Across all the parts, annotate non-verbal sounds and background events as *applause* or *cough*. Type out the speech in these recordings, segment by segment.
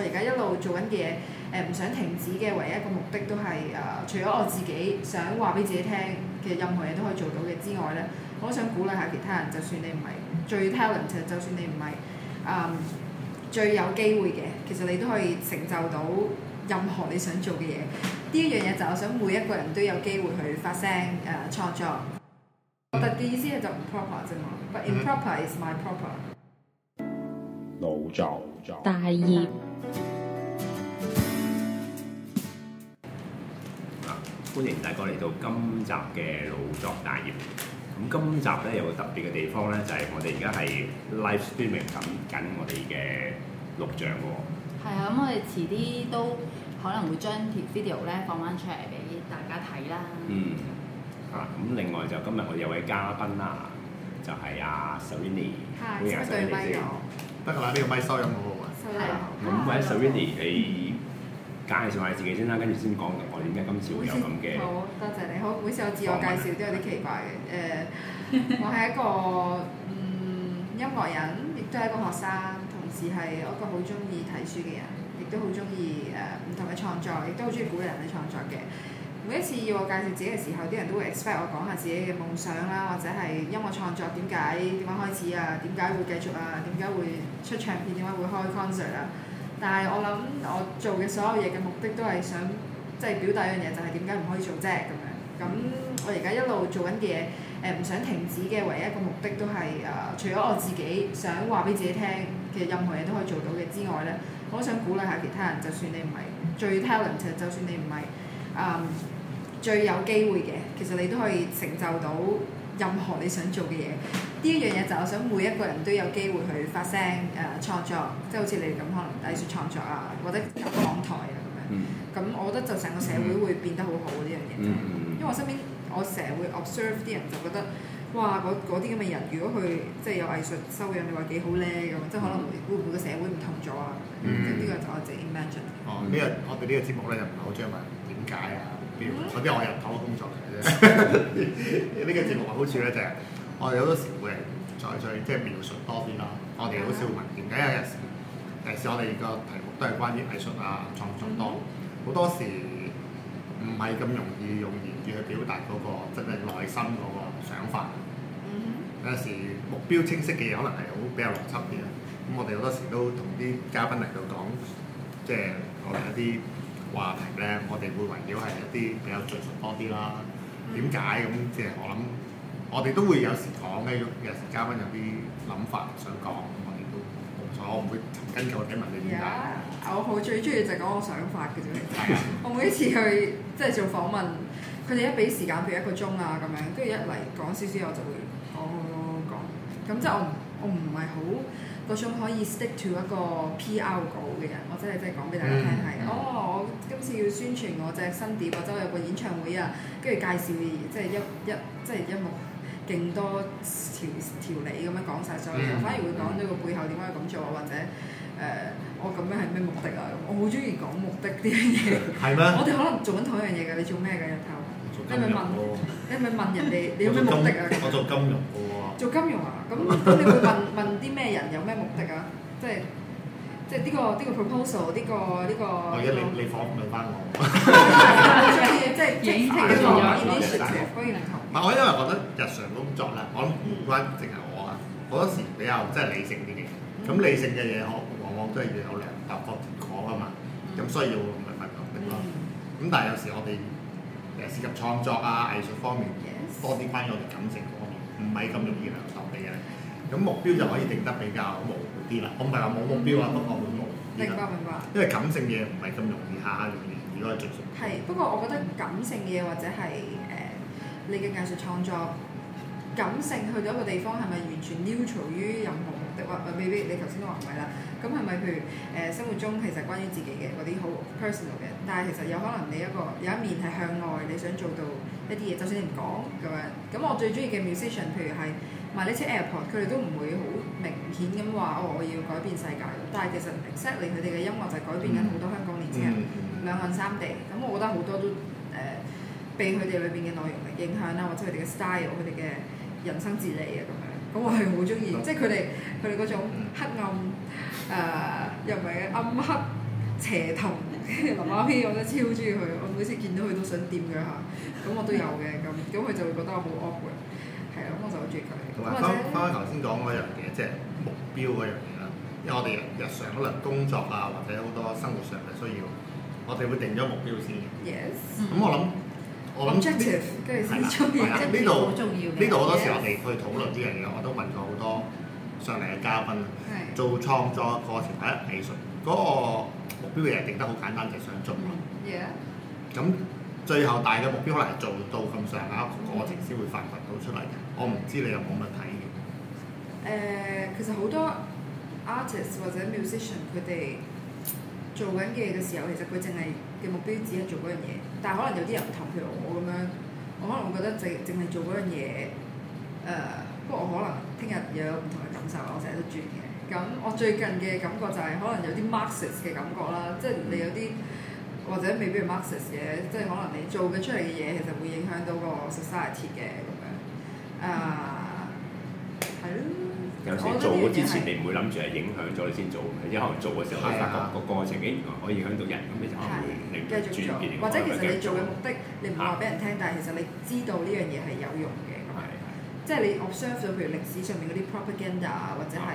我而家一路做緊嘅嘢，誒、呃、唔想停止嘅唯一一個目的都係誒、呃，除咗我自己想話俾自己聽，其實任何嘢都可以做到嘅之外咧，我想鼓勵下其他人，就算你唔係最 talented，其實就算你唔係誒最有機會嘅，其實你都可以成就到任何你想做嘅嘢。呢一樣嘢就係我想每一個人都有機會去發聲誒、uh，創作。特嘅意思係就唔 proper 啫嘛，but improper is my proper。腦作大業。歡迎大家嚟到今集嘅腦作大業。咁今集咧有個特別嘅地方咧，就係、是、我哋而家係 live streaming 按緊我哋嘅錄像喎。係啊，咁我哋遲啲都可能會將條 video 咧放翻出嚟俾大家睇啦。嗯。啊，咁另外就今日我哋有位嘉賓啦，就係阿 Serrini，歡迎、啊、Serrini 先。得吧、這個啦，呢個麥收音好好。咁，或者 Serrini，你介紹下你自己先啦，跟住先講我點解今次會有咁嘅。好，多謝，你好，每次我自我介紹都有啲奇怪嘅。誒、呃，我係一個嗯音樂人，亦都係一個學生，同時係一個好中意睇書嘅人，亦都好中意誒唔同嘅創作，亦都好中意鼓勵人哋創作嘅。每一次要我介紹自己嘅時候，啲人都會 expect 我講下自己嘅夢想啦，或者係音樂創作點解點樣開始啊，點解會繼續啊，點解會出唱片，點解會開 concert 啊。但係我諗我做嘅所有嘢嘅目的都係想，即係表達一樣嘢，就係點解唔可以做啫咁樣。咁我而家一路做緊嘅嘢，誒唔想停止嘅唯一一個目的都係誒，除咗我自己想話俾自己聽嘅任何嘢都可以做到嘅之外咧，我都想鼓勵下其他人，就算你唔係最 talent，就算你唔係啊。嗯最有機會嘅，其實你都可以成就到任何你想做嘅嘢。呢一樣嘢就，我想每一個人都有機會去發聲、誒創作，即係好似你咁可能藝術創作啊，或者有講台啊咁樣。咁、嗯、我覺得就成個社會會變得好好呢樣嘢，嗯、因為我身邊我成日會 observe 啲人就覺得，哇！嗰啲咁嘅人如果佢即係有藝術修養，你話幾好咧咁，即係可能會會唔會個社會唔同咗啊？咁呢、嗯、個就我自己 imagine，哦，呢、呢個我哋呢個節目咧就唔係好想問點解啊？嗰啲我又唔講工作嚟嘅啫，呢個節目好處咧就，我哋好多時會再再即係描述多啲咯。我哋好少問點解，有陣時有陣時我哋個題目都係關於藝術啊創作多，好多時唔係咁容易用言語去表達嗰、嗰個即係內心嗰個想法。有陣時目標清晰嘅嘢可能係好比較邏輯啲咯。咁、嗯、我哋好多時都同啲嘉賓嚟到講，即係我哋一啲。話題咧，我哋會圍繞係一啲比較敘述多啲啦。點解咁？即係我諗，我哋都會有時講嘅。有時嘉賓有啲諗法想講，我哋都唔錯。我唔會跟在幾問你點解。Yeah，我好最中意就講我想法嘅啫。 *laughs* 我每一次去即係、就是、做訪問，佢哋一俾時間譬如一個鐘啊咁樣，跟住一嚟講少少，我就會、哦、講講。咁即係我唔我唔係好。嗰種可以 stick to 一個 PR 稿嘅人，我真係真係講俾大家聽係、嗯、哦，我今次要宣傳我隻新碟或者我周圍有個演唱會啊，跟住介紹，即係一一即係一目勁多條條理咁樣講晒所有嘢，反而會講到、嗯、個背後點解要咁做啊，或者誒、呃、我咁樣係咩目的啊？我好中意講目的呢樣嘢。係咩？嗎 *laughs* 我哋可能做緊同一樣嘢㗎，你做咩嘅日頭？你咪問，你咪問人哋，你有咩目的啊？我做金融嘅喎。做金融啊？咁咁你會問問啲咩人有咩目的啊？即係即係呢個呢個 proposal，呢個呢個。我而家你你講，問翻我。所以即係傾聽嘅重要，可以嚟同。唔係我因為覺得日常工作啦，我諗唔關淨係我啊，好多時比較即係理性啲嘅，咁理性嘅嘢可往往都係要有達成結果啊嘛，咁需要咪咪目的咯。咁但係有時我哋。涉及創作啊藝術方面嘅 Yes. 多啲，關於我哋感性方面，唔係咁容易兩棲嘅。嘢。咁目標就可以定得比較模糊啲啦。我唔係話冇目標啊，不過、嗯、模糊明。明白明白。因為感性嘢唔係咁容易下下兩面，如果係技術。係不過我覺得感性嘢或者係誒、呃、你嘅藝術創作，感性去到一個地方係咪完全 neutral 於任何？或或 maybe 你頭先都話唔係啦，咁係咪譬如誒、呃、生活中其實關於自己嘅嗰啲好 personal 嘅，但係其實有可能你一個有一面係向外，你想做到一啲嘢，就算你唔講咁樣。咁我最中意嘅 musician，譬如係 My Little Airport 佢哋都唔會好明顯咁話哦，我要改變世界。但係其實 exactly 佢哋嘅音樂就改變緊好多香港年輕人兩岸三地。咁我覺得好多都誒、呃、被佢哋裏邊嘅內容嚟影響啦，或者佢哋嘅 style、佢哋嘅人生哲理啊咁樣。咁我係好中意，嗯、即係佢哋佢哋嗰種黑暗誒、呃，又唔係暗黑邪童嘅諺話我都超中意佢，我每次見到佢都想掂佢下。咁我都有嘅，咁咁佢就會覺得我好 awkward，係啊，我就好中意佢。同埋翻翻頭先講嗰樣嘢，即係目標嗰樣嘢啦，因為我哋日常可能工作啊，或者好多生活上嘅需要，我哋會定咗目標先。Yes。咁我諗。我諗，跟住好重要，呢度呢度好多時候 Yes. 我哋去討論呢樣嘢，我都問過好多上嚟嘅嘉賓，是做創作過程係一藝術？嗰、嗰個目標嘅嘢定得好簡單，就係、係、想做。Mm. y Yeah .咁最後大嘅目標可能係做到咁上下一個過程先會發掘到出嚟嘅。Mm. 我唔知你有冇乜體驗。誒，uh, 其實好多 artist 或者 musician 佢哋做緊嘅嘢嘅時候，其實佢淨係嘅目標只係做嗰樣嘢。但係可能有啲人唔同，譬如我咁樣，我可能會覺得淨淨係做嗰樣嘢，誒、呃，不過我可能聽日又有唔同嘅感受，我成日都轉嘅。咁我最近嘅感覺就係可能有啲 Marxist 嘅感覺啦，即係你有啲或者未必係 Marxist 嘅，即係可能你做嘅出嚟嘅嘢其實會影響到個 society 嘅咁樣。誒、呃，係咯。有時做之前，你唔會諗住係影響咗你先做，一可能做嘅時候發覺、啊、個過程，咦原來可以影響到人，咁你就會嚟繼續做，門或者其實你做嘅目的，的你唔話俾人聽，的但係其實你知道呢樣嘢係有用嘅。係的，的即係你 observe 譬如歷史上面嗰啲 propaganda 啊，或者係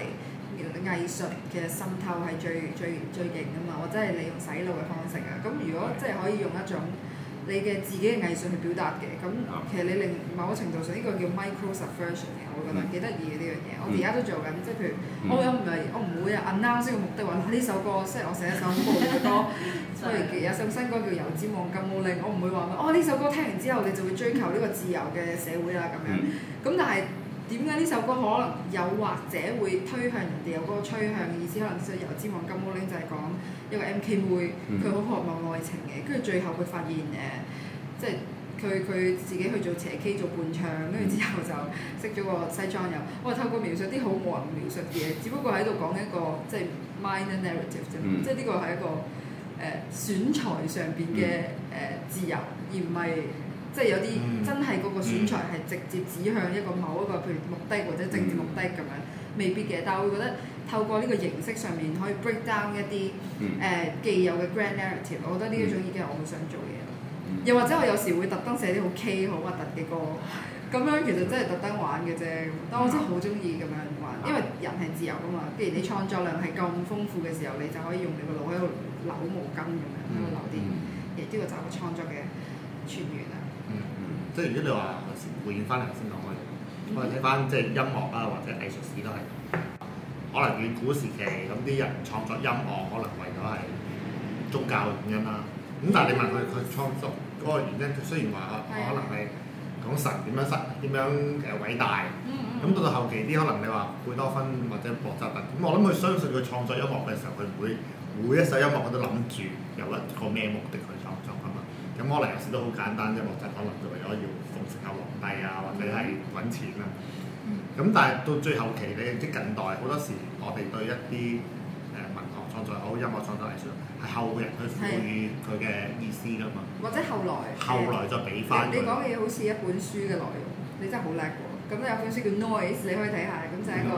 藝術嘅滲透係最最最勁噶嘛，或者係你用洗腦嘅方式啊。咁如果即係可以用一種，你嘅自己嘅藝術去表達嘅，咁其實你令某個程度上呢、呢個叫 micro subversion 嘅，我會覺得幾得意嘅呢樣嘢。我而家都做緊，即係譬如，我唔係，我唔會啊 announce 呢個目的話，呢首歌，即係我寫一首歌，崔健有首新歌叫《油脂王咁屋令》，我唔會話，哦，呢首歌聽完之後你就會追求呢個自由嘅社會啦咁樣，咁、mm. 嗯嗯嗯、但係。點解呢首歌可能有或者會推向人哋有嗰個趨向意思？可能所以由知望金毛、mm hmm. 僆仔講一個 M K 妹，佢好渴望愛情嘅，跟住最後佢發現誒、呃，即係佢佢自己去做邪 K 做伴唱，跟住之後就識咗個西裝友。我、哦、透過描述啲好冇人描述嘅嘢，只不過喺度講一個即係 minor narrative 啫，mm hmm. 即係呢個係一個誒、呃、選材上邊嘅誒自由，而唔係。即係有啲真係嗰個選材係直接指向一個某一個、嗯、譬如目的或者政治目的咁樣，未必嘅。但係我會覺得透過呢個形式上面可以 break down 一啲誒、嗯呃、既有嘅 grand narrative，我覺得呢一種已經係我好想做嘅嘢。嗯、又或者我有時會特登寫啲好 K 好核突嘅歌，咁樣其實真係特登玩嘅啫。但我真係好中意咁樣玩，因為人係自由㗎嘛。既然你創作量係咁豐富嘅時候，你就可以用你個腦喺度扭毛巾咁樣喺度、嗯、扭啲亦都要找個就創作嘅泉源啊。即係如果你話、啊、回應翻頭先講嘅，我哋睇翻即係音樂啊，或者藝術史都係，可能遠古時期咁啲人創作音樂，可能為咗係宗教原因啦。咁、嗯、但係你問佢佢、嗯、創作嗰個原因，佢、嗯、雖然話、嗯、可能係講神點樣神點樣誒偉大，咁到、嗯、到後期啲可能你話貝多芬或者莫扎特，咁我諗佢相信佢創作音樂嘅時候，佢唔會每一首音樂我都諗住有一個咩目的去。都好簡單啫，或者可能就為咗要奉承下皇帝啊，或者係揾錢啊。咁、嗯、但係到最後期咧，即近代好多時，我哋對一啲誒文學創作好、音樂創作嚟說係後人去賦予佢嘅意思㗎嘛。是或者後來。後來就俾翻。你講嘅嘢好似一本書嘅內容，你真係好叻喎！咁有本書叫《Noise》，你可以睇下，咁就係一個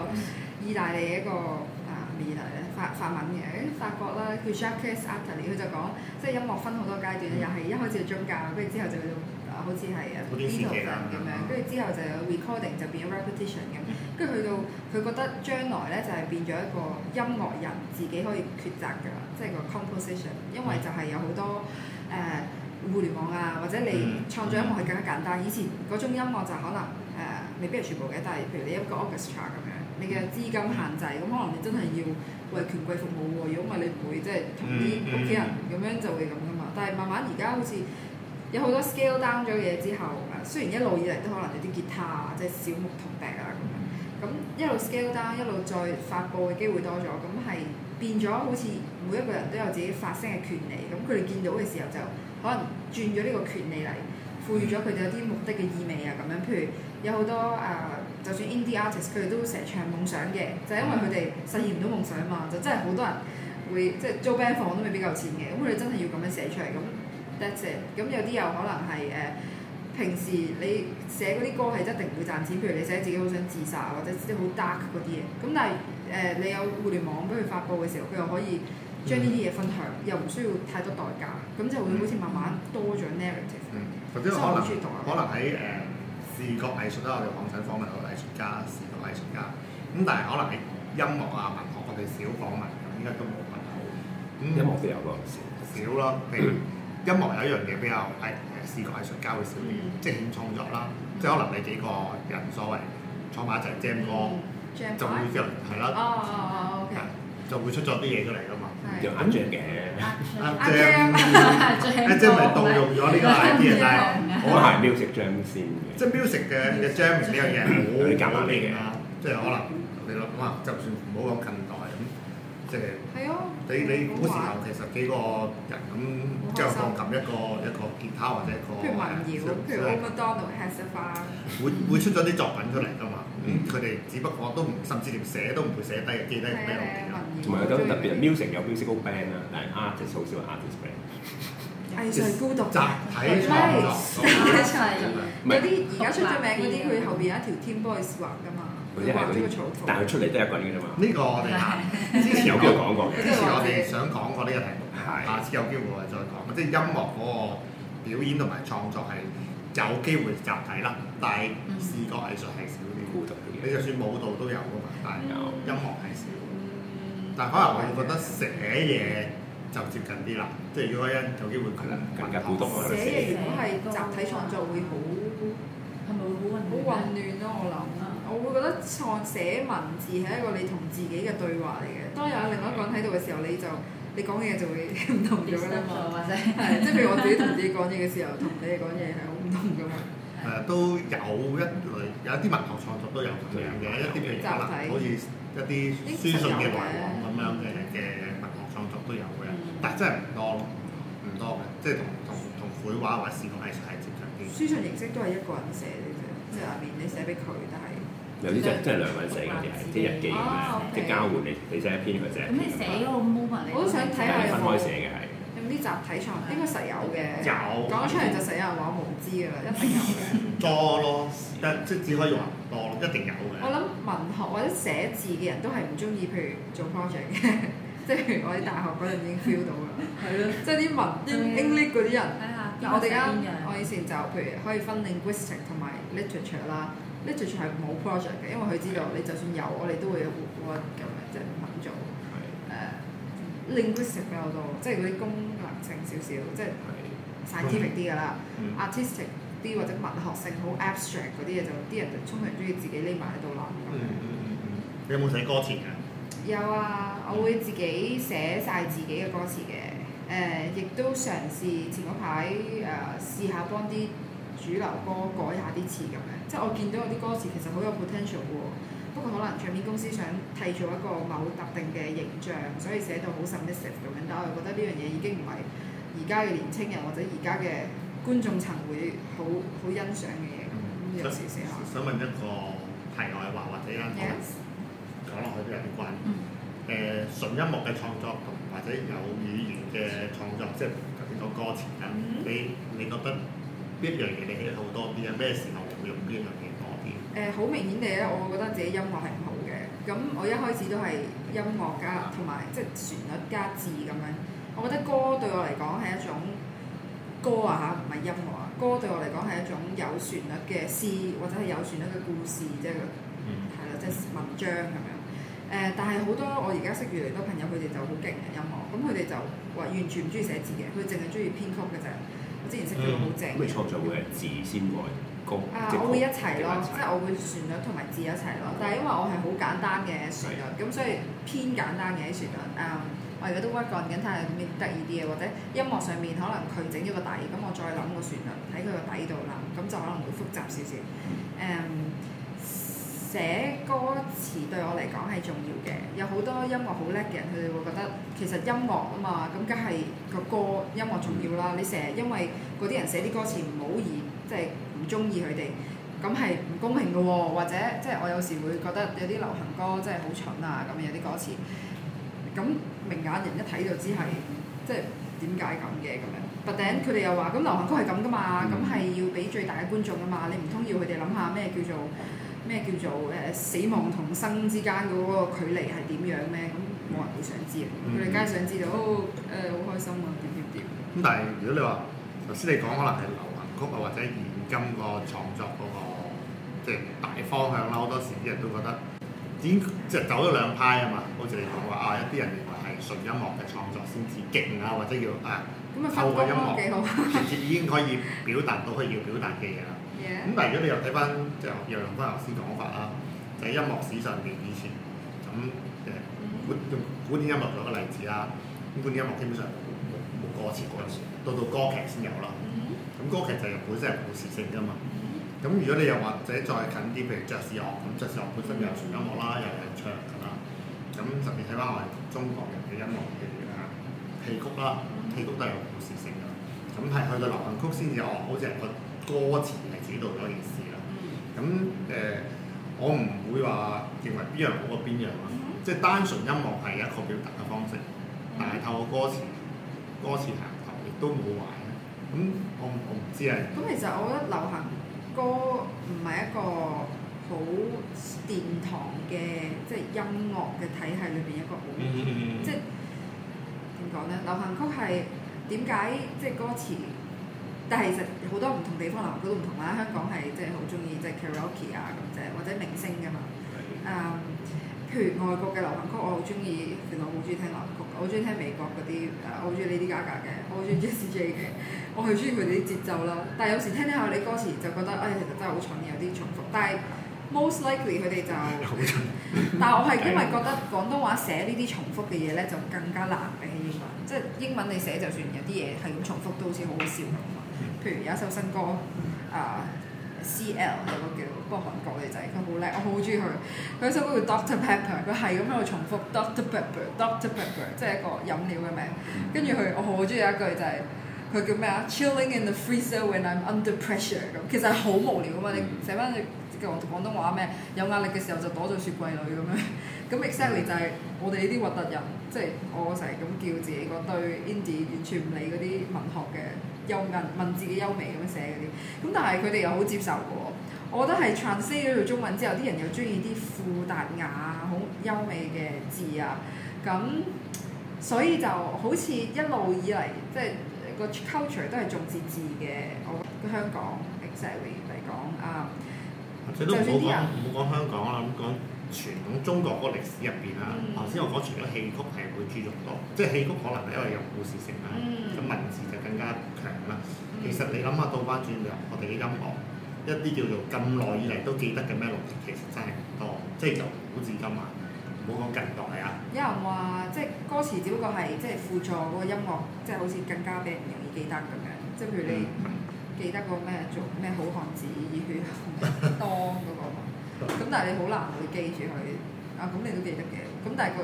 意大利一個啊，意大利。法法文嘅，喺法國啦，佢 Jacques Attali 佢就講，即係音樂分好多階段，嗯、又係一開始係宗教，跟住之後就去到啊，好似係啊，studio 咁樣，跟住之後就有 recording，就變咗 repetition 咁、嗯，跟住去到，佢覺得將來咧就係、是、變咗一個音樂人自己可以抉擇㗎，即、就、係、是、個 composition，、嗯、因為就係有好多誒、呃、互聯網啊，或者你創作音樂係更加簡單，嗯嗯、以前種音樂就可能誒、呃、未必係全部嘅，但係譬如你音樂音樂一個 orchestra 咁樣。你嘅資金限制，咁可能你真係要為權貴服務喎。如果唔係你唔會即係同啲屋企人咁、mm hmm. 樣就會咁噶嘛。但係慢慢而家好似有好多 scale down 咗嘅嘢之後，雖然一路以嚟都可能有啲吉他啊，即係小木同笛啊咁樣。咁一路 scale down，一路再發佈嘅機會多咗，咁係變咗好似每一個人都有自己發聲嘅權利。咁佢哋見到嘅時候就可能轉咗呢個權利嚟賦予咗佢哋有啲目的嘅意味啊咁樣。譬如有好多啊～就算 indie artist，佢哋都成日唱夢想嘅，就係、是、因為佢哋實現唔到夢想啊嘛，就真係好多人會，即係租 band 房都未必夠錢嘅，咁佢哋真係要咁樣寫出嚟。咁 that's it。咁有啲又可能係誒、呃、平時你寫嗰啲歌係一定唔會賺錢，譬如你寫自己好想自殺或者啲好 dark 嗰啲嘢。咁但係誒、呃、你有互聯網俾佢發佈嘅時候，佢又可以將呢啲嘢分享，嗯、又唔需要太多代價，咁就會好似慢慢多咗 narrative。嗯，或者可能可能喺誒視覺藝術啦，我哋講緊方面家視覺藝術家，咁但係可能喺音樂啊、文學，我哋少訪問，依家都冇問到。音樂先有㗎，少少咯。譬如音樂有一樣嘢比較，係視覺藝術家會少啲，即係點創作啦即興創作啦。即係可能你幾個人所謂坐埋一齊 Jam 歌，就會叫係啦，就會出咗啲嘢出嚟㗎嘛，叫 Jam 嘅，Jam，Jam，即係動用咗呢個 idea。可能係 music jam 先嘅，即係 music 嘅嘅 jam 呢樣嘢，有啲夾硬啲嘅，即係可能你諗下，就算唔好咁近代咁，即係係啊，你你古時候其實幾個人咁，即係鋼琴一個一個吉他或者一個誒，即係 Madonna has a fan，會會出咗啲作品出嚟㗎嘛，佢哋只不過都甚至連寫都唔會寫低，記低咁樣嘅。同埋有啲特別 music 有 musical band 啊，但係 artist 好少 artist band。藝術係孤獨嘅，唔係集體創作。有啲而家出咗名嗰啲，佢後邊有一條 Team Boys 畫噶嘛，畫咗個草圖。但佢出嚟得一個人嘅啫嘛。呢個我哋之前有機會講過，之前我哋想講過呢個題目，下次有機會我哋再講。即係音樂嗰個表演同埋創作係有機會集體啦，但係視覺藝術係少啲。孤獨啲。你就算舞蹈都有噶嘛，但係音樂係少。但係可能我會覺得寫嘢。就接近啲啦，即係如果因有機會近能更加東或者寫嘢，如果係集體創作會好係咪會好混好混亂咯？我諗我會覺得創寫文字係一個你同自己嘅對話嚟嘅。當有另外一個人喺度嘅時候，你就你講嘢就會唔同咗啦嘛，或者即係譬如我自己同自己講嘢嘅時候，同你哋講嘢係好唔同噶嘛。係都有一類有一啲文學創作都有咁樣嘅，一啲比較難，好似一啲書信嘅來往咁樣嘅。但係真係唔多咯，唔多嘅，即係同同同繪畫或者視覺藝術係接近。書信形式都係一個人寫嘅啫，即係入面你寫俾佢睇。有啲真即係兩個人寫嘅，即即係日記即係交換你你寫一篇佢寫。咁你寫嗰個模板，我都想睇下你。但係寫嘅係。有啲集體創作應該實有嘅。有。講出嚟就實有人話我冇知㗎啦，一定有嘅。多咯，即係即係只可以用話多咯，一定有嘅。我諗文學或者寫字嘅人都係唔中意，譬如做 project 嘅。即係 *laughs* 我喺大學嗰陣已經 feel 到啦 *laughs* 對了， *laughs* 即係啲文 English 嗰啲人，但係、 *laughs* 嗯、我哋啱家我以前就譬如可以分 linguistic 同埋 literature 啦，literature 係冇 project 嘅，因為佢知道你就算有，我哋都會有冇得咁樣即係唔肯做。係對。誒，linguistic 比較多，即係嗰啲功能性少少，即係 creative 啲㗎啦，artistic 啲或者文學性好 abstract 嗰啲嘢，就啲人就通常中意自己匿埋喺度諗。嗯嗯、你有冇寫歌詞㗎？有啊，我會自己寫晒自己嘅歌詞嘅，誒，亦都嘗試前嗰排誒試下幫啲主流歌改下啲詞咁樣，即係我見到有啲歌詞其實好有 potential 喎，不過可能唱片公司想締造一個某特定嘅形象，所以寫到好 submissive，咁樣，但係我覺得呢樣嘢已經唔係而家嘅年青人或者而家嘅觀眾層會好好欣賞嘅嘢咁樣。有時寫下，想問一個題外話或者講落去都有啲關，誒、嗯呃、純音樂嘅創作同或者有語言嘅創作，嗯、即係特別個歌詞啊，嗯、你你覺得邊一樣嘢你喜好多啲啊？咩時候會用邊樣嘢多啲？誒，好、呃、明顯地咧，我覺得自己音樂係唔好嘅，咁我一開始都係音樂家，同埋即係旋律加字咁樣。我覺得歌對我嚟講係一種歌啊嚇，唔係音樂啊，歌對我嚟講係一種有旋律嘅詩，或者係有旋律嘅故事，即係，嗯，係啦，即、就、係、是、文章咁樣。誒、呃，但係好多我而家識越嚟多朋友，佢哋就好勁嘅音樂，咁佢哋就話完全唔中意寫字嘅，佢淨係中意編曲嘅啫。我之前識咗個好正。你創作會係字先改歌？啊、嗯，我會一齊咯，即係我會旋律同埋字一齊咯。但係因為我係好簡單嘅旋律，咁是所以偏簡單嘅旋律。誒、嗯，我而家都 work 緊睇下有咩得意啲嘢，或者音樂上面可能佢整咗個底，咁我再諗個旋律喺佢個底度啦，咁就可能會複雜少少。誒、嗯。嗯寫歌詞對我嚟講係重要嘅，有好多音樂好叻嘅人，佢哋會覺得其實音樂啊嘛，咁梗係個歌音樂重要啦。你成日因為嗰啲人寫啲歌詞唔好而即係唔中意佢哋，咁係唔公平嘅喎、哦。或者即係、即係、我有時會覺得有啲流行歌真係好蠢啊咁有啲歌詞，咁明眼人一睇就知係即係點解咁嘅咁樣。頭頂佢哋又話，咁流行歌係咁㗎嘛，咁係要俾最大嘅觀眾啊嘛，你唔通要佢哋諗下咩叫做？咩叫做誒、呃、死亡同生之間嗰個距離係點樣咧？咁冇人會想知啊！佢哋梗係想知道，誒好、嗯呃、開心啊，點點點。咁但係如果你話頭先你講可能係流行曲啊，或者現今個創作嗰、那個即係、就是、大方向啦，好多時啲人都覺得已經即係走咗兩派啊嘛。好似你講話啊，一啲人認為係純音樂嘅創作先至勁啊，或者叫誒透過音樂直接挺好 *laughs* 已經可以表達到佢要表達嘅嘢啦。咁 Yeah. 但係如果你又睇翻，即係又用翻頭先講法啦，就係音樂史上面以前咁嘅、mm hmm. 古古典音樂舉個例子啦，咁古典音樂基本上冇冇歌詞嗰陣時，到到歌劇先有啦。咁、mm hmm. 歌劇就係本身係故事性㗎嘛。咁、mm hmm. 如果你又或者再近啲，譬如爵士樂，咁爵士樂本身又係純音樂啦，又係唱㗎啦。咁特別睇翻我哋中國人嘅音樂譬如啊，戲曲啦，mm hmm. 戲曲都係有故事性㗎。咁係去到流行曲先至有，好似係個。歌詞係主導咗件事啦，咁誒、嗯嗯，我唔會話認為邊樣好過邊樣咯，嗯、即係單純音樂係一個表達嘅方式，嗯、但係透過歌詞，歌詞行頭亦都冇壞，咁、嗯、我唔知係。咁、嗯、其實我覺得流行歌唔係一個好殿堂嘅即係音樂嘅體系裏邊一個，即係點講咧？流行曲係點解即係歌詞？但係其實好多唔同地方流行曲都唔同啦。香港係即係好中意即係 karaoke 啊咁啫，或者明星㗎嘛。Um, 譬如外國嘅流行曲，我好中意。其實我好中意聽流行曲，我中意聽美國嗰啲我好中意呢啲 Lady Gaga 嘅，我好中意 J C J 嘅，我好中意佢哋啲節奏啦。但係有時聽聽下啲歌詞，就覺得誒、哎，其實真係好蠢，有啲重複。但係 most likely 佢哋就 *laughs* 但係我係因為覺得廣東話寫呢啲重複嘅嘢咧，就更加難比起英文。即係英文你寫就算有啲嘢係咁重複，都好似好好笑。譬如有一首新歌啊，uh,CL 有個叫嗰個韓國女仔，佢好叻，我好中意佢。佢一首歌叫 Doctor Pepper，佢係咁喺度重複 Doctor Pepper，Doctor Pepper，即係一個飲料嘅名。跟住佢，我好中意一句就係佢叫咩啊？Chilling in the freezer when I'm under pressure 咁，其實係好無聊啊嘛。你成班你講廣東話咩？有壓力嘅時候就躲咗雪櫃裏咁樣。咁 exactly 就係我哋呢啲核突人，即係我成日咁叫自己講對。Indie 完全唔理嗰啲文學嘅。又文文字嘅優美咁樣寫嗰啲，咁但係佢哋又好接受嘅。我覺得係 transcend 咗條中文之後，啲人又中意啲富達雅好優美嘅字啊。咁所以就好似一路以嚟，即係個 culture 都係重字字嘅。我覺得香港 exactly 嚟講啊，有就算啲人唔好講香港啦，咁講。傳統中國嗰個歷史入邊啦，頭先、嗯、我講傳統戲曲係會注重多，即係戲曲可能係因為有故事性啦，咁、嗯、文字就更加強啦。嗯、其實你諗下倒翻轉頭，我哋嘅音樂一啲叫做咁耐以嚟都記得嘅 melody，其實真係唔多，即係由古至今啊，唔好講近代啊。有人話即係歌詞只不過係即係輔助嗰個音樂，即、就、係、是、好似更加俾人容易記得咁嘅，即、就、係、是、譬如你、嗯、記得個咩做咩好漢子以血。咁但係你好難會記住佢啊！咁你都記得嘅。咁但係佢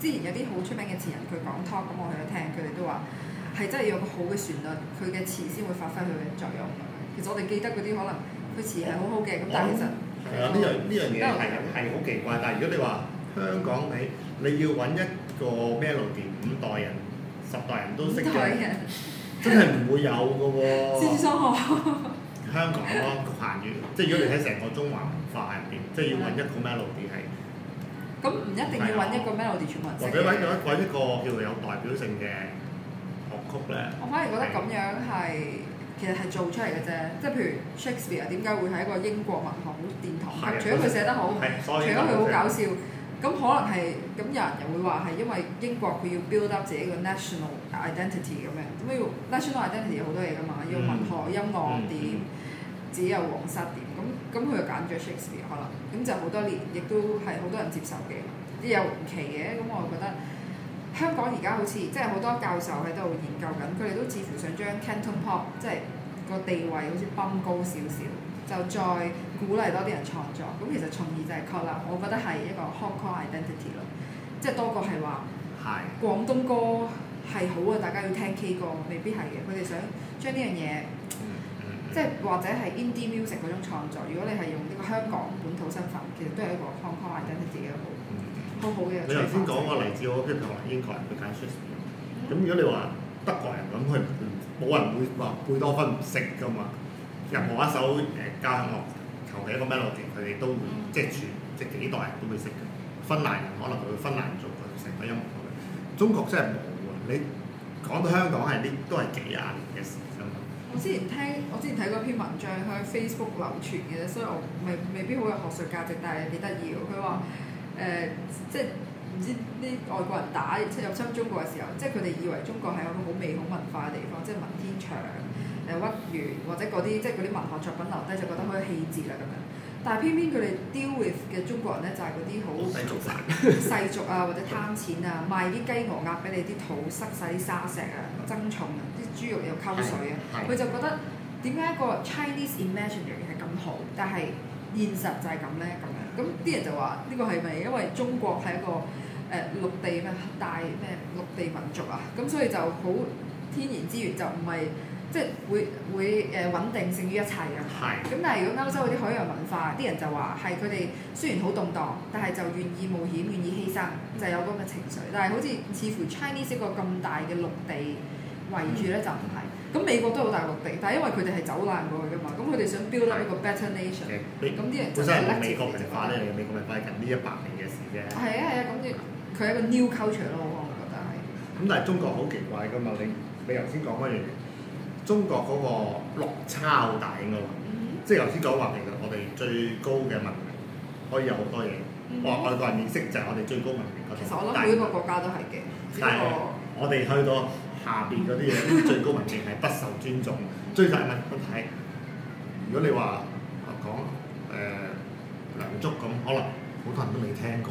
之前有啲好出名嘅詞人，佢講 talk，咁我喺度聽，佢哋都話係真係有個好嘅旋律，佢嘅詞先會發揮佢嘅作用。其實我哋記得嗰啲可能佢詞係好好嘅，咁但係其實啊呢、嗯、樣呢樣嘢係係好奇怪。但係如果你話香港你你要揾一個咩 melody，五代人、十代人都識嘅，真係唔會有嘅喎。師叔學香港咯，局限即係如果你喺成個中環。即係要揾一個 melody 係，咁唔一定要揾一個 melody 全部。或者揾一個，揾一個叫有代表性嘅樂曲咧。我反而覺得咁樣係，其實係做出嚟嘅啫。即係譬如 Shakespeare 點解會係一個英國文學好殿堂？除咗佢寫得好，除咗佢好搞笑，咁可能係咁有人又會話係因為英國佢要 build up 自己個 national identity 咁樣。咁要 national identity 有好多嘢㗎嘛，要文學、音樂點，自己有皇室點。咁佢就揀咗 Shakespeare 可能，咁就好多年，亦都係好多人接受嘅，又唔奇嘅。咁我覺得香港而家好似即係好多教授喺度研究緊，佢哋都似乎想將 Canton Pop 即係個地位好似蹦高少少，就再鼓勵多啲人創作。咁其實從而就係確立，我覺得係一個 Hong Kong identity 咯，即係多過係話廣東歌係好啊，大家要聽 K 歌未必係嘅。佢哋想將呢樣嘢。即係或者係 indie music 嗰種創作，如果你係用呢個香港本土身份，其實都係一個 Hong Kong identity 自己一個好好好嘅。你頭先講個例子，我譬如話英國人去 s h 佢揀 shoes 咁如果你話德國人咁，佢冇人會話貝多芬唔識噶嘛。任何一首誒交響樂，求其一個 melody，佢哋都會、嗯、即係傳，即係幾代人都會識嘅。芬蘭人可能佢芬蘭做佢成個音樂，中國真係冇啊！你講到香港係呢，都係幾廿年嘅事咁。我之前聽，我之前睇過篇文章喺 Facebook 流傳嘅，所以我未未必好有學術價值，但係幾得意佢話誒，即係唔知啲外國人打入侵中國嘅時候，即係佢哋以為中國係一個好美好文化嘅地方，即係文天祥誒屈原或者嗰啲，即係嗰啲文學作品留低就覺得好有氣節啦咁樣。但係偏偏佢哋 deal with 嘅中國人咧，就係嗰啲好世俗啊，或者貪錢啊，賣啲雞鵝鴨俾你，啲肚塞晒啲沙石啊，增重啊，啲豬肉又溝水啊，佢、嗯嗯、就覺得點解一個 Chinese imaginary 係咁好，但係現實就係咁咧咁樣，咁啲人就話呢個係咪因為中國係一個誒陸、呃、地咩大咩陸地民族啊？咁所以就好天然資源就唔係。即係會會誒穩定勝於一切嘅，咁是的 但係如果歐洲嗰啲海洋文化，啲人就話係佢哋雖然好動盪，但係就願意冒險、願意犧牲，就係、有咁嘅情緒。但係好似似乎 Chinese 個咁大嘅陸地圍住咧就唔係，咁、嗯、美國都好大陸地，但係因為佢哋係走難過去㗎嘛，咁佢哋想 build up 一個 better nation，咁啲人本身係美國文化咧，的美國文化近呢一百年嘅事啫。係啊係啊，咁佢佢係一個 new culture 咯，我覺得係。咁但係中國好奇怪㗎嘛，你你頭先講嗰樣嘢。中國嗰個落差好大嘅喎，即係頭先講話其實我哋最高嘅文明可以有好多嘢，我話外國人認識就係我哋最高文明嗰啲。其實我諗每個國家都係嘅。但係我哋去到下邊嗰啲嘢，最高文明係不受尊重。最大問題，如果你話講誒梁祝咁，可能好多人都未聽過。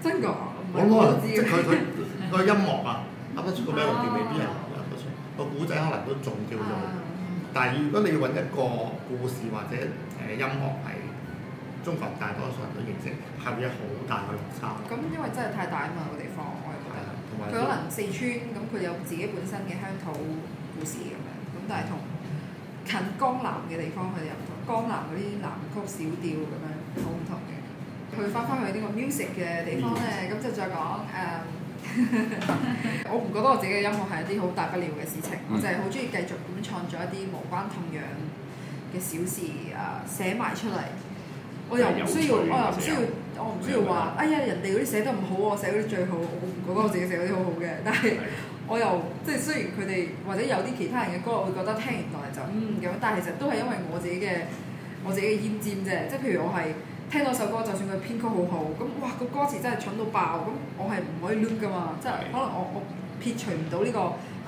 真㗎。我諗啊，知。佢佢嗰音樂啊，啱得出個咩名調未必啊。個古仔可能都仲叫做，啊嗯、但係如果你要揾一個故事或者誒音樂係中國大多數人都認識嘅，係會有好大嘅落差。咁、嗯、因為真係太大啊嘛個地方，我係同埋佢可能四川咁，佢有自己本身嘅鄉土故事咁樣，咁但係同近江南嘅地方佢又唔同，江南嗰啲南曲小調咁樣好唔同嘅。佢發翻去呢個 music 嘅地方咧，咁、嗯、就再講誒。嗯 *laughs* 我唔覺得我自己嘅音樂係一啲好大不了嘅事情，我、嗯、就係好中意繼續咁創作一啲無關痛癢嘅小事啊，寫埋出嚟。我又唔需要，嗯、我又唔需要，我唔需要話趣，哎呀，人哋嗰啲寫得唔好，我寫嗰啲最好。我唔覺得我自己寫嗰啲好好嘅，但係的我又即係、就是、雖然佢哋或者有啲其他人嘅歌，我會覺得聽完落嚟就嗯咁，但係其實都係因為我自己嘅、嗯、我自己嘅厭尖啫。即、就、係、是、譬如我係。聽到首歌，就算佢編曲好好，咁哇個歌詞真係蠢到爆，咁我係唔可以 look 噶嘛，即係的可能我我撇除唔到呢個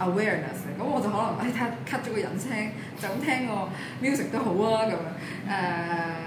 awareness，咁我就可能哎睇 cut 咗個人聲就咁聽個 music 都好啊咁樣。誒、呃嗯、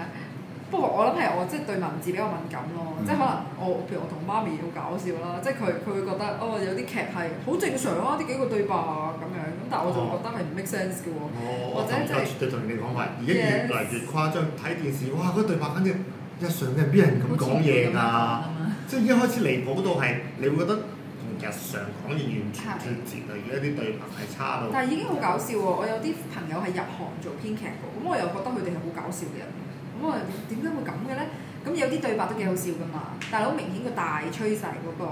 不過我諗係我即係、就是、對文字比較敏感咯，嗯、即係可能我譬如我同媽咪好搞笑啦，即係佢佢會覺得哦有啲劇係好正常啊，呢幾個對白咁樣，咁但係我就覺得係唔 make sense 嘅喎，哦、或者即係絕對同你講埋，而家越嚟越誇張，睇電視哇嗰對白簡直～日常嘅邊人咁講嘢㗎？ *laughs* 即係一開始離譜到係，你會覺得同日常講嘢完全即係截然一啲對白係差咯。但係已經好搞笑喎！我有啲朋友係入行做編劇嘅，咁我又覺得佢哋係好搞笑嘅人。咁我點解會咁嘅咧？咁有啲對白都幾好笑㗎嘛！大佬明顯個大趨勢嗰個，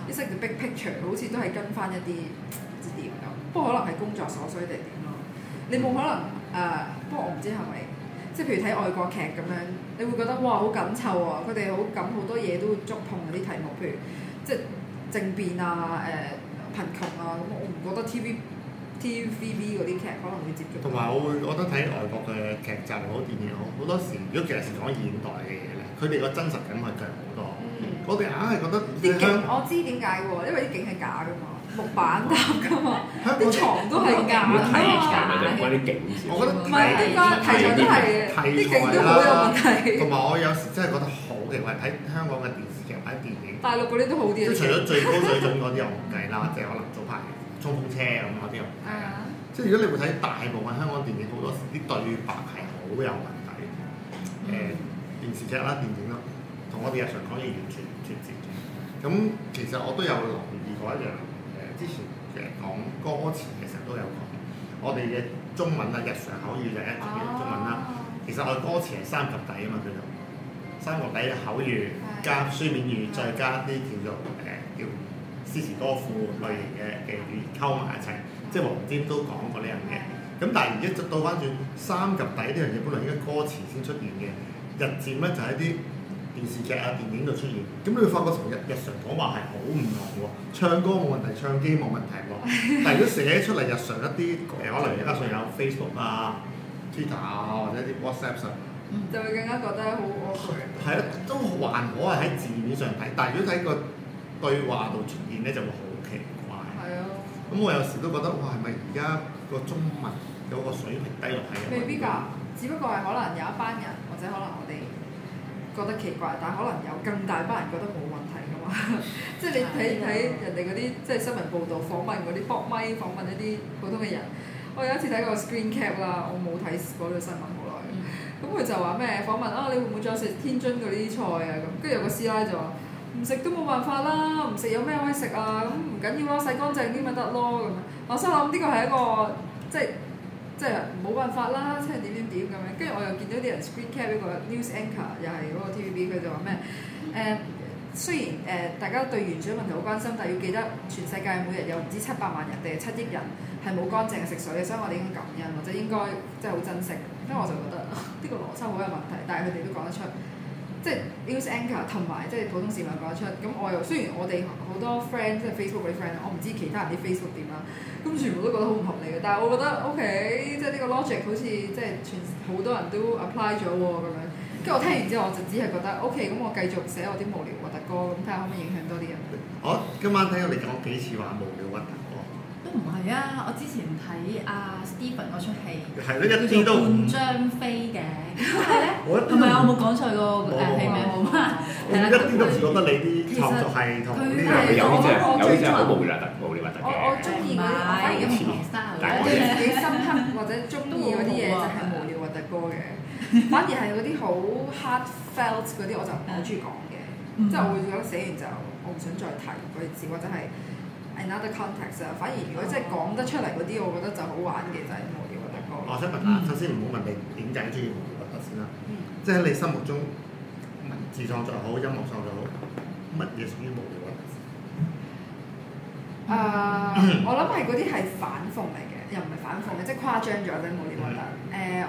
嗯、一涉及到 big picture，好似都係跟翻一啲唔知點咁。不過可能係工作所需定係點咯。你冇可能誒、啊？不過我唔知係咪，即係譬如睇外國劇咁樣。你會覺得哇好緊湊啊！佢哋好緊，好多嘢都會觸碰嗰啲題目，譬如即係政變啊、誒、呃、貧窮啊，咁我唔覺得 TV TVB 嗰啲劇可能會接觸。同埋我會覺得睇外國嘅劇集好，電影好，好多時如果其實係講現代嘅嘢咧，佢哋個真實感係強好多。嗯、我哋硬係覺得啲、嗯、我知點解嘅喎，因為啲景係假㗎嘛。木板搭噶嘛，啲床都係硬啊嘛。唔係啲題材都係，啲景都好有問題。同埋我有時真係覺得好，尤其係睇香港嘅電視劇、或者電影。大陸嗰啲都好啲。即係除咗最高水準嗰啲，又唔計啦。即係可能早排嘅《衝鋒車》咁嗰啲，又唔計啊，即係如果你會睇大部分香港電影，好多時啲對白係好有問題。誒，電視劇啦、電影啦，同我哋日常講嘢完全完全唔同。咁其實我都有留意過一樣。之前其實講歌詞其實都有講，我哋嘅中文啊、日常口語就係一種中文啦。Oh. 其實我哋歌詞係三及第啊嘛，叫做叫三及第嘅口語加書面語，再加啲叫做誒叫詩詞歌賦類型嘅嘅語言溝埋一齊。即係黃霑都講過呢樣嘢。咁但係而家倒翻轉，三及第呢樣嘢本來應該歌詞先出現嘅，日漸咧就係一啲。電視劇啊、電影度出現，咁、嗯、你會發覺同日日常講話係好唔同喎。唱歌冇問題，唱機冇問題喎、啊。 *laughs* 但係如果寫出嚟日常一啲誒，可能而家上有 Facebook 啊、啊 Twitter 啊或者啲 WhatsApp 上、啊，嗯、就會更加覺得好。係咯、嗯，都還可係喺字面上睇，但係如果睇個對話度出現咧，就會好奇怪。係啊。咁我有時都覺得，哇，係咪而家個中文嗰個水平低落係？未必㗎，只不過係可能有一班人，或者可能我哋。覺得奇怪，但可能有更大班人覺得冇問題噶嘛， *laughs* 即係你睇看睇 Yeah. 人哋嗰啲即係新聞報導訪問嗰啲咪，訪問一啲普通嘅人。Mm hmm. 我有一次睇過個 screen cap 啦，我冇睇過呢個新聞好耐。咁佢、mm hmm. 就話咩？訪問啊，你會唔會再食天津嘅啲菜啊？咁跟住有個師奶就話唔食都冇辦法啦，唔食有咩可以食啊？咁唔緊要咯，洗乾淨啲咪得咯咁。我心諗呢個係一個即係。即係冇辦法啦，即係點點點咁樣，怎樣。跟住我又見到啲人 screen cap 呢個 news anchor，又係嗰個 TVB，佢就話咩？誒、嗯，雖然誒、呃、大家對環境問題好關心，但係要記得全世界每日有唔知七百萬人定係七億人係冇乾淨嘅食水，所以我哋應該感恩或者應該即係好珍惜。跟住我就覺得呢、這個邏輯好有問題，但係佢哋都講得出。即係 news anchor 同埋即係普通市民講得出，咁我又雖然我哋好多 friend 即係 Facebook 嗰啲 friend 啦，我唔知其他人啲 Facebook 點啦，咁全部都覺得好唔合理嘅，但係我覺得 OK，即係呢個 logic 好似即係全好多人都 apply 咗喎咁樣。跟住我聽完之後，我就只係覺得 OK，咁我繼續寫我啲無聊核突歌，咁睇下可唔可以影響多啲人。我、oh，今晚睇我哋講幾次話無聊核、啊、突。唔係啊！我之前睇阿 Stephen 嗰出戲，叫做《半張飛》嘅，但係咧，係咪啊？我冇講錯喎，誒，係咪啊？我覺得你啲創作係同啲人有啲有啲好無聊、無聊核突嘅。我我中意佢，反而我幾深刻或者中意嗰啲嘢就係無聊核突歌嘅，反而係嗰啲好 heartfelt 嗰啲我就唔好中意講嘅，即係我會覺得寫完就我唔想再提嗰啲字，或者係。another context 啊，反而如果真係講得出嚟嗰啲，我覺得就好玩嘅就係、是、無聊核突。我想問下，嗯、首先唔好問你點解中意無聊核突先啦。嗯、即係你心目中，嗯、自創就好，音樂創就好，乜嘢屬於無聊核突？誒、呃， *coughs* 我諗係嗰啲係反諷嚟嘅，又唔係反諷嘅，即係誇張咗咧無聊核突。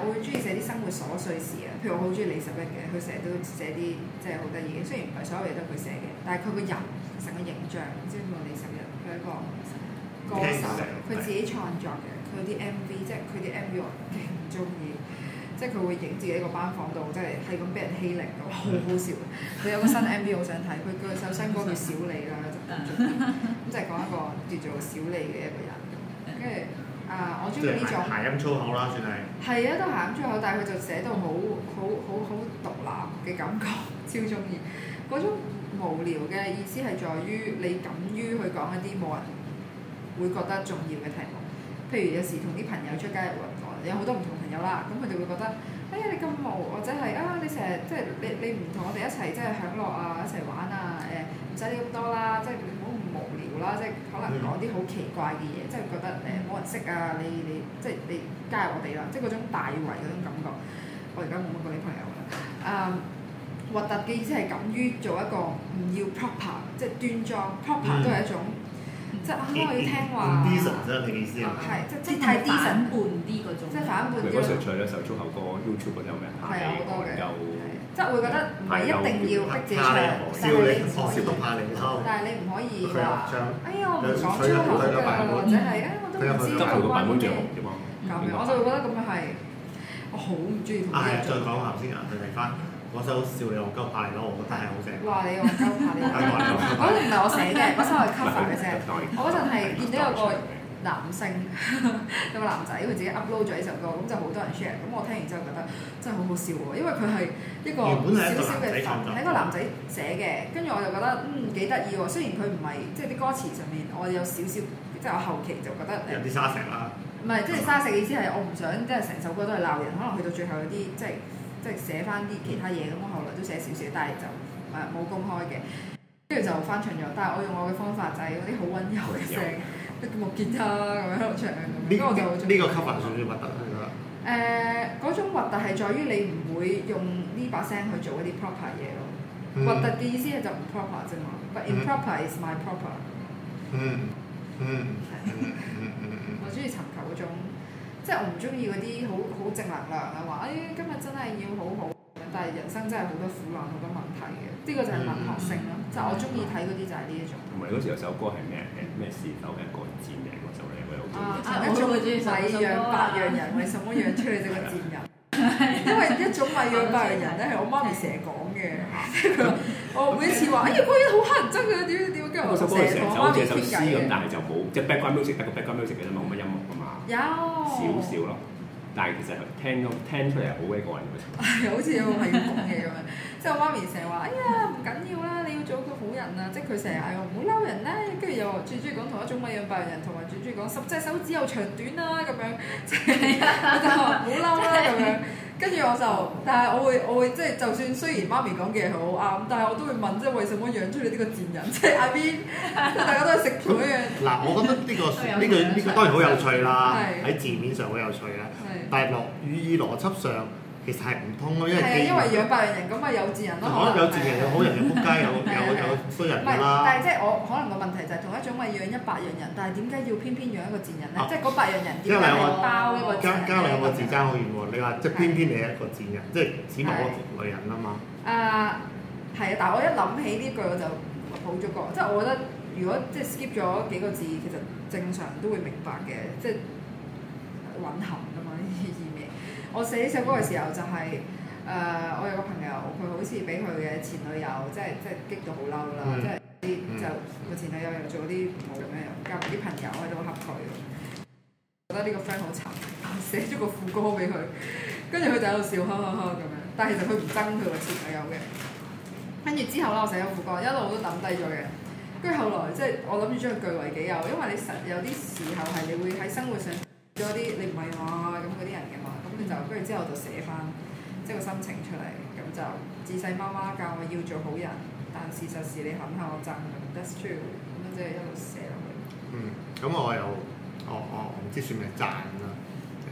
我會中意寫啲生活瑣碎事啊，譬如我好中意李十一嘅，佢成日都寫啲即係好得意嘅。雖然唔係所有嘢都佢寫嘅，但係佢個人成個形象，即係無聊拾。一個歌手，佢自己創作嘅，佢啲 MV 即係佢啲 MV 我唔中意，即係佢會影自己個班房度，即係係咁俾人欺凌，好好笑。佢有個新 MV 我想睇，佢首新歌叫小李啦，就咁中意，咁就係講一個叫做小李嘅一個人，跟住啊我中意呢種。諧音粗口啦，算係。係啊，都閒都係咁粗口，但係佢就寫到好好好好獨立嘅感覺，超中意嗰無聊嘅意思係在於你敢於去講一啲冇人會覺得重要嘅題目，譬如有時同啲朋友出街有好多唔同朋友啦，咁佢哋會覺得，哎呀你咁無，或者係啊你成日即係你你唔同我哋一齊即係享樂啊，一齊玩啊，誒唔使你咁多啦，即係唔好咁無聊啦，即係可能講啲好奇怪嘅嘢，即係覺得誒冇人識啊，你你即係你加入我哋啦，即係嗰種大圍嗰種感覺，嗯，我而家冇乜嗰啲朋友啦，啊，um。核突嘅意思係敢於做一個唔要 proper，即係端莊，proper 都係一種，即係我要聽話。係，即係太 decent 半啲嗰種。即係反叛。佢嗰時唱咗一首足球歌，YouTube 有咩？係有好多嘅。又即係會覺得唔係一定要逼自己，只要但係你唔可以話。哎呀，我唔講粗口。或者係我都唔知點解嘅。搞咩？我就會覺得咁樣係我好唔中意。係，再講下先啊，你睇翻。我首笑你憨鳩拍你咯，我覺得係好正。話你憨鳩拍你，唔係我寫嘅，嗰首係 cover 嘅啫。我嗰陣係見到有個男性，有個男仔佢自己 upload 咗呢首歌，咁就好多人 share。咁我聽完之後覺得真係好好笑喎，因為佢係一個少少嘅喺個男仔寫嘅。跟住我就覺得嗯，幾得意喎，雖然佢唔係即係啲歌詞上面我有少少即係我後期就覺得有啲沙石啦。唔係，即係沙石嘅意思係我唔想即係成首歌都係鬧人，可能去到最後有啲即係。即係寫翻啲其他嘢，咁我後來都寫少少，但係就誒冇公開嘅，跟住就翻唱咗。但係我用我嘅方法就，就係嗰啲好溫柔嘅聲，啲木吉他咁樣喺度唱，呢個呢個級別算唔算核突啊？誒、呃，嗰種核突係在於你唔會用呢把聲去做一啲 proper 嘢咯。核突嘅意思係就唔 proper 啫嘛。But improper is my proper。嗯嗯。 *laughs* 我中意尋求嗰種。即係我唔中意嗰啲好好正能量啊！話誒，今日真係要好好，但係人生真係好多苦難，好多問題嘅。呢個就係文學性咯。即係我中意睇嗰啲就係呢一種。同埋嗰時有首歌係咩？咩？是首誒個人賤人嗰首咧，我有聽。啊啊！我最中意嗰首歌。一樣米養百樣人，為什麼養出嚟隻個賤人？因為一種米養百樣人咧，係我媽咪成日講嘅。我每次話：哎呀，好乞人憎嘅，點點點，跟我成日講啱首歌成首詩咁，但係就冇，即係 background music，得個 background music 嘅啫，冇乜音樂有少少咯，但係其實聽咗聽出嚟係好鬼個人嘅，係 *laughs* 好似我係講嘢咁樣。 *laughs* 即係我媽咪成日話： *laughs* 哎呀，唔緊要啦，你要做一個好人，人啊！即係佢成日嗌我唔好嬲人啦，跟住又最中意講同一種乜嘢白人，同埋最中意講十隻手指有長短啦、啊。咁樣，我就話唔好嬲啦咁樣。跟住我就，但係我會我會即係，就算雖然媽咪講嘅好啱，但係我都會問，即係為什麼養出你呢個賤人？即係阿邊，大家都係食一樣。嗱，我覺得呢、這個呢、 *laughs* 這個呢、這個當然好有趣啦，喺 *laughs* 字面上好有趣啦，但係落語義邏輯上。其實係唔通咯，因為係因為養百樣人咁咪有賤人咯。可能有賤人，有好人，有仆街，有有衰人唔係，但係即係我可能個問題就係同一種咪養一百樣人，但係點解要偏偏養一個賤人咧？即係嗰百樣人點解係包嘅喎。加加嚟兩個字加好遠喎！你話即係偏偏你一個賤人，即係只不過類人啊嘛。啊，係啊！但係我一諗起呢句我就好咗個，即係我覺得如果即係 skip 咗幾個字，其實正常都會明白嘅，即係混合。我寫呢首歌嘅時候就係、是、誒、呃，我有個朋友，佢好似俾佢嘅前女友，即係即係激到好嬲啦，mm hmm. 即係就個、mm hmm. 前女友又做啲唔好嘅嘢，加埋啲朋友喺度恰佢， *laughs* 我覺得呢個 friend 好慘，寫咗個副歌俾佢，跟住佢就喺度笑，呵呵呵咁樣。但係其實佢唔憎佢個前女友嘅，跟住之後啦，我寫咗副歌，一路都抌低咗嘅。跟住後，後來即係我諗住將佢據為己有，因為你實有啲時候係你會喺生活上遇到啲你唔係我咁嗰啲人嘅。就跟住之後就寫翻即係個心情出嚟。咁就自細媽媽教我要做好人，但事實是你肯唔肯我贊，that's true。咁即係一路寫落去。嗯，咁、嗯、我又，我我唔知算唔係贊啦。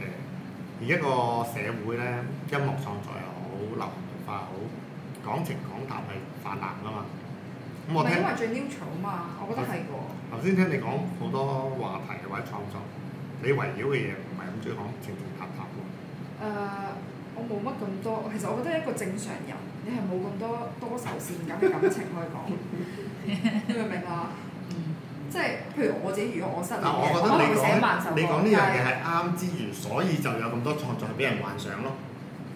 誒、嗯，而一個社會咧，音樂創作又好流行文化好講情講談係泛濫㗎嘛。咪因，聽因為最 neutral 啊嘛，我覺得係㗎。頭先聽你講好多話題或者創作，你圍繞嘅嘢唔係咁中意講情情.誒，uh, 我冇乜咁多，其實我覺得係一個正常人，你係冇咁多多愁善感嘅感情可以講， *laughs* *laughs* 你明唔明啊？嗯，即係譬如我自己，如果我失戀、啊、我，覺得我會寫一萬首歌。你講呢樣嘢係啱之餘，是所以就有咁多創作係俾人幻想咯。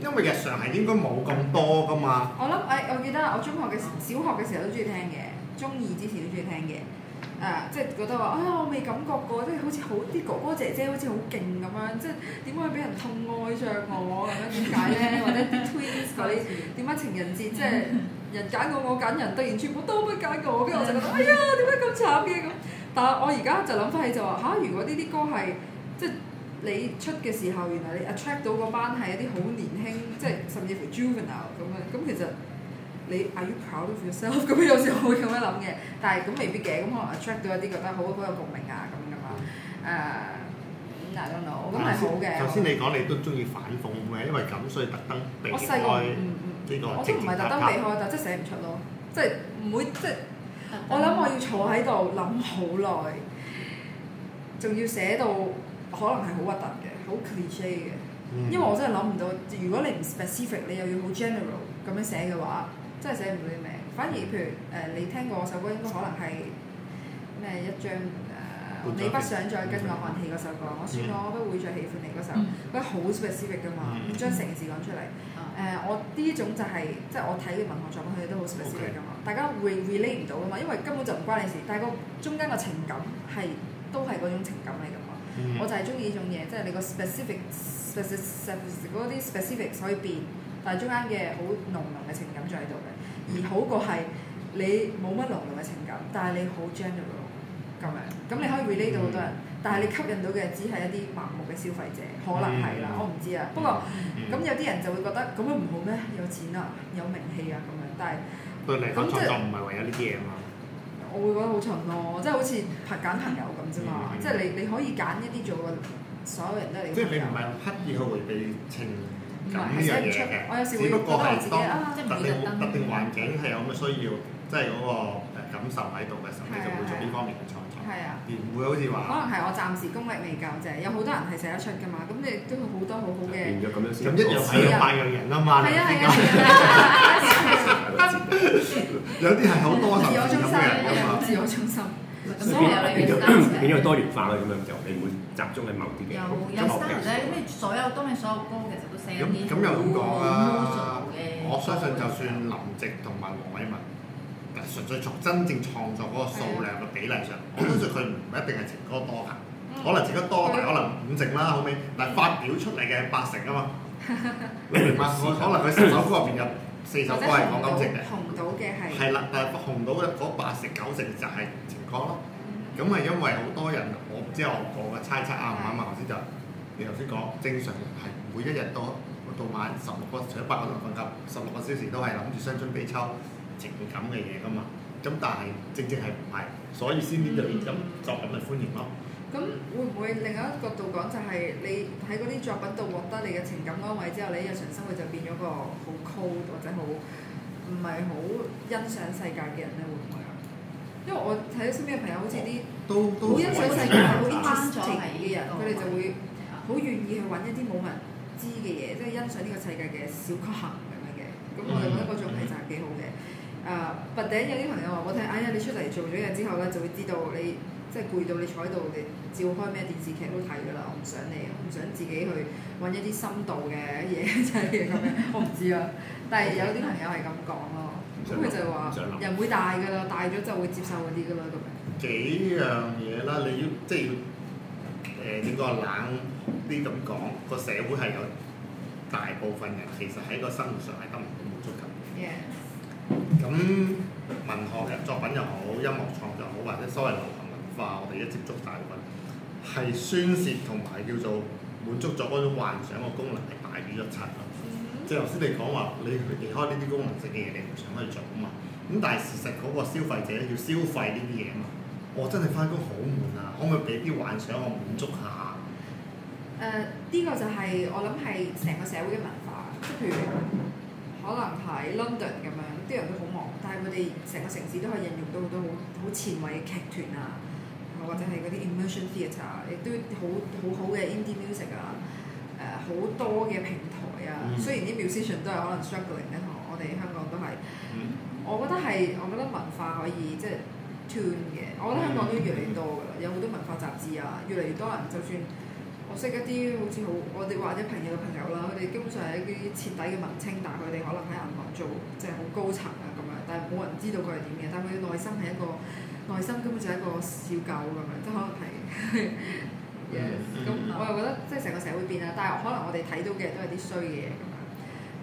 因為日常係應該冇咁多㗎嘛。 *laughs* 我諗，誒，我記得我中學嘅、小學嘅時候都中意聽嘅，中二之前都中意聽嘅。誒、啊，即係覺得話啊、哎，我未感覺過，即係好似好啲哥哥姐姐好似好勁咁樣，即係點解俾人痛愛上我咁樣，點解咧？或者 Twins 嗰啲點解情人節即係 *laughs* 人揀我，我揀人，突然全部都不揀我，跟住我就覺得哎呀，點解咁慘嘅咁？但係我而家就諗翻起就話吓、啊，如果呢啲歌係即係你出嘅時候，原來你 attract 到個班係一啲好年輕，即係甚至乎 juvenile 咁樣咁其實。你 are you proud of yourself？咁有時我會咁樣諗嘅，但係咁未必嘅。咁可能 attract 到一啲覺得好好有共鳴啊咁嘅嘛。誒，understand 我，咁係好嘅。頭先你講你都中意反諷嘅，因為咁所以特登避開呢個。我細個，我都唔係特登避開，但係真寫唔出咯。即係唔會即係，我諗我要坐喺度諗好耐，仲要寫到可能係好核突嘅，好 cliche 嘅。因為我真係諗唔到，如果你唔 specific，你又要好 general 咁樣寫嘅話。真係寫唔到啲名，反而譬如誒、呃，你聽過我首歌應該可能係咩一張誒，呃、Good 你不想再跟我看戲嗰首歌，mm hmm。我算我不會再喜歡你嗰首，嗰啲好 specific 㗎嘛，咁將成件事講出嚟，誒、mm hmm。呃、我呢種就係、是、即係我睇嘅文學作品，佢哋都好 specific 㗎嘛，Okay. 大家會 relate 唔到㗎嘛，因為根本就唔關你事，但係個中間個情感係都係嗰種情感嚟㗎嘛，mm hmm。我就係中意呢種嘢，即、就、係、是、你個 s p e c i f i c s p e c i f i c 嗰啲 specific 可以變。中間嘅好濃濃嘅情感在喺度嘅，而好過係你冇乜濃濃嘅情感，但係你好 general 咁樣，咁你可以 relate 到好多人，但係你吸引到嘅只係一啲盲目嘅消費者，可能係啦，我唔知啊。不過咁有啲人就會覺得咁樣唔好咩？有錢啊，有名氣啊咁樣，但係對你嚟講，創作唔係為咗呢啲嘢啊嘛。我會覺得好蠢咯，即係好似拍揀朋友咁啫嘛，即係你你可以揀一啲做嘅，所有人都係。即係你唔係刻意去回避情。咁呢樣嘢嘅，我有時會覺得，只不過係當特定特定環境係有咁嘅需要，即係嗰個感受喺度嘅時候，你就會做呢方面嘅創作。係啊，而唔會好似話。可能係我暫時功力未夠啫。有好多人係寫得出㗎嘛。咁你都有好多好好嘅。變咗咁樣先。一日睇到百樣人啊嘛。係啊係啊。有啲係好多咁嘅人啊，自我中心。咁樣變咗，多元化咯，咁樣就你會集中喺某啲嘅音有三人，咁你所有當你所有歌其實都聲一啲。咁又咁講啊！我相信就算林夕同埋黃偉文，但純粹從真正創作嗰個數量嘅比例上，我相信佢唔一定係情歌多嘅，可能情歌多，但係可能五成啦，好尾嗱，但係發表出嚟嘅八成啊嘛，你明白？可能佢十首歌入面有。四首歌係講感情嘅，係啦、嗯，但係紅到嘅嗰八成九成就係情歌咯。咁係因為好多人，我唔知我講嘅猜測啱唔啱。頭先就你頭先講，正常人係每一日到到晚十六個除咗八個鐘瞓覺，十六個小時都係諗住傷春悲秋，情感嘅嘢噶嘛。咁但係正正係唔係，所以先呢度咁就咁嘅、嗯、歡迎咯。咁、嗯、會唔會另一個角度講，就係你喺嗰啲作品度獲得你嘅情感安慰之後，你日常生活就變咗個好 cold 或者好唔係好欣賞世界嘅人咧，會唔會啊？因為我睇到身邊嘅朋友，好似啲都都欣賞世界好 interesting 嘅人，佢哋就會好願意去揾一啲冇人知嘅嘢，即、就、係、是、欣賞呢個世界嘅小確幸。咁樣嘅。咁、嗯嗯、我哋覺得嗰種題材係幾好嘅。啊，頭頂有啲朋友話：我睇哎呀，你出嚟做咗嘢之後咧，就會知道你。即係攰到你坐喺度，你照開咩電視劇都睇噶啦！我唔想你，我唔想自己去搵一啲深度嘅嘢，即係咁樣，我唔知啊。但係有啲朋友係咁講咯，佢 Okay. 就話人會大噶啦，大咗就會接受嗰啲噶啦。咁幾樣嘢啦，你要即係誒，你、呃、應該冷啲咁講，個 *laughs* 社會係有大部分人其實喺個生活上係根本唔足夠。咁 Yeah. 文學嘅作品又好，音樂創作好，或者所謂話我哋一接觸大眾，係宣泄同埋叫做滿足咗嗰種幻想嘅功能係大於一切嘅。Mm hmm. 即係頭先你講話，你去避開呢啲功能性嘅嘢，你唔想去做啊嘛。咁但係事實嗰個消費者要消費呢啲嘢啊嘛。我、哦、真係返工好悶啊，可唔可以俾啲幻想我滿足下？誒，呢個就係、是、我諗係成個社會嘅文化，即係譬如可能喺 London 咁樣啲人都好忙，但係佢哋成個城市都可以應用到好多好好前衞嘅劇團啊。或者係嗰啲 immersion theatre，亦都好好好嘅 indie music 啊，誒、呃、好多嘅平台啊。Mm hmm. 雖然啲 musician 都係可能 struggling 咧，我我哋香港都係。Mm hmm. 我覺得係，我覺得文化可以即係、就是、tune 嘅。我覺得香港都越嚟越多㗎啦，有好多文化雜誌啊，越嚟越多人。就算我識一啲好似好，我哋或者朋友嘅朋友啦，佢哋基本上係一啲徹底嘅文青，但係佢哋可能喺銀行做即係好高層啊咁樣，但係冇人知道佢係點嘅，但係佢內心係一個。內心根本就係一個小狗咁樣，即可能係 *laughs* ，yes、mm。咁、hmm. 我又覺得即係成個社會變啦，但係可能我哋睇到嘅都係啲衰嘢咁樣，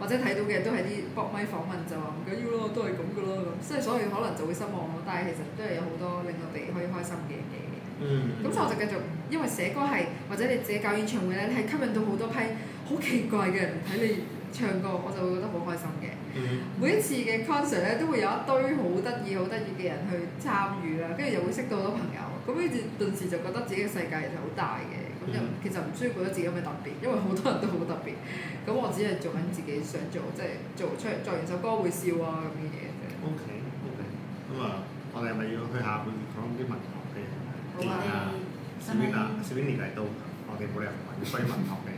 或者睇到嘅都係啲搏咪訪問就話唔緊要咯，都係咁嘅咯咁，即係所以可能就會失望咯。但係其實都係有好多令我哋可以開心嘅嘢。嗯、mm。咁、hmm. 所以我就繼續，因為寫歌係或者你自己搞演唱會咧，你係吸引到好多批好奇怪嘅人睇你唱歌，我就會覺得好開心嘅。嗯、每一次嘅 concert 咧，都會有一堆好得意、好得意嘅人去參與啦，跟住又會，會識到好多朋友，咁跟住，頓時就覺得自己嘅世界其實好大嘅，咁又其實唔需要覺得自己有咩特別，因為好多人都好特別，咁我只係做緊自己想做，即係做出嚟作完首歌會笑啊咁嘅嘢嘅。O K O K，咁啊，我哋係咪要去下半年講啲文學嘅嘢啊？點啊？Serrini 嚟到，我哋冇理由唔需要文學嘅。